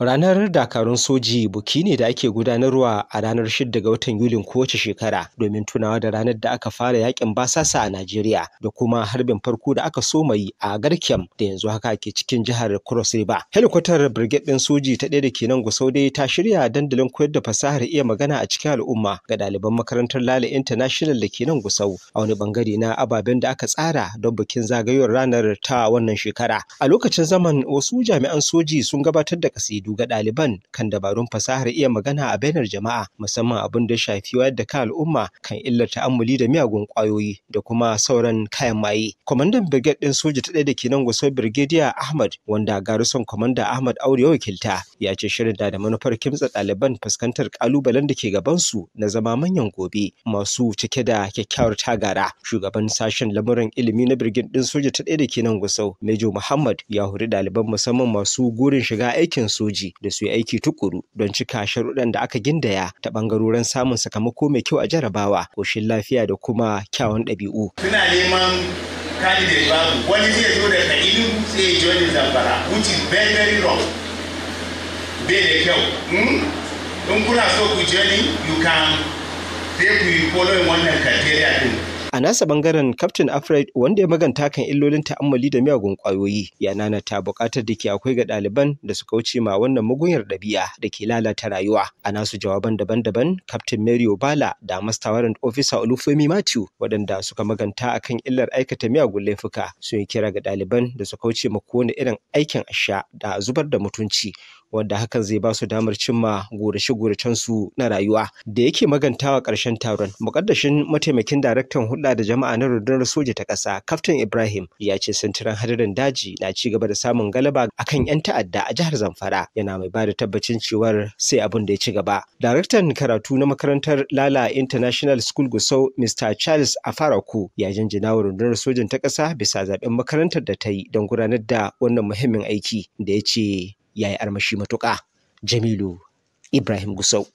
Ranar dakarun soji buki ne da ake gudanarwa a ranar 6 ga watan Yulin kowace shekara domin tunawa da ranar da aka fara yakin basasa a Najeriya da kuma harbin farko da aka soma yi a Garkiam, da yanzu haka ke cikin jihar Cross River. Helikwatar Brigade ɗin soji ta ɗaya da ke nan Gusau dai ta shirya dandalin koyar da fasahar iya magana a cikin al'umma ga ɗaliban makarantar Lale International da ke nan Gusau a wani bangare na ababen da aka tsara don bikin zagayowar ranar ta wannan shekara. A lokacin zaman wasu jami'an soji sun gabatar da kasidi shaidu ga ɗaliban kan dabarun fasahar iya magana a bainar jama'a musamman abin da shafi wayar da kan al'umma kan illar ta'ammuli da miyagun ƙwayoyi da kuma sauran kayan maye. Kwamandan Brigade ɗin soja ta ɗaya da ke nan gusau Brigadier Ahmad wanda garison Kwamanda Ahmad Aure wakilta ya ce shirin da da manufar kimtsa ɗaliban fuskantar ƙalubalen da ke gaban su na zama manyan gobe masu cike da kyakkyawar tagara. Shugaban sashen lamuran ilimi na Brigade ɗin soja ta ɗaya da ke nan gusau Mejo Muhammad ya huri ɗaliban musamman masu gurin shiga aikin soja. soji da su yi aiki tukuru don cika sharuɗan da aka gindaya ta ɓangarorin samun sakamako mai kyau a jarabawa koshin lafiya da kuma kyawun ɗabi'u. Suna neman da babu wani zai zo daga ilu sai ya ji zamfara which is very very wrong. Bai da kyau. Hmm? In kuna so ku ji you can sai ku yi following wannan criteria din. A nasa bangaren Captain Alfred wanda ya maganta kan illolin ta'ammali da miyagun kwayoyi ya nanata buƙatar da ke akwai ga ɗaliban da su kauce ma wannan mugunyar ɗabi'a da ke lalata rayuwa. A nasu jawaban daban-daban Captain Mary Obala da Master Warrant Officer Olufemi Matthew waɗanda suka maganta a kan illar aikata miyagun laifuka sun yi kira ga ɗaliban da su kauce ma kowane irin aikin asha da zubar da mutunci wanda hakan zai ba su damar cimma gorace-goracensu na rayuwa da yake magantawa ƙarshen taron muƙaddashin mataimakin daraktan hulɗa da jama'a na rundunar soja ta ƙasa kaftin ibrahim ya ce sintiran hadarin daji na ci gaba da samun galaba akan 'yan ta'adda a jihar zamfara yana mai ba da tabbacin cewar sai abin da ya ci gaba daraktan karatu na makarantar lala international school gusau mr charles afaraku ya jinjina wa rundunar sojan ta ƙasa bisa zaɓen makarantar da ta yi don gudanar da wannan muhimmin aiki da ya ce ya yi armashi matuƙa jamilu ibrahim gusau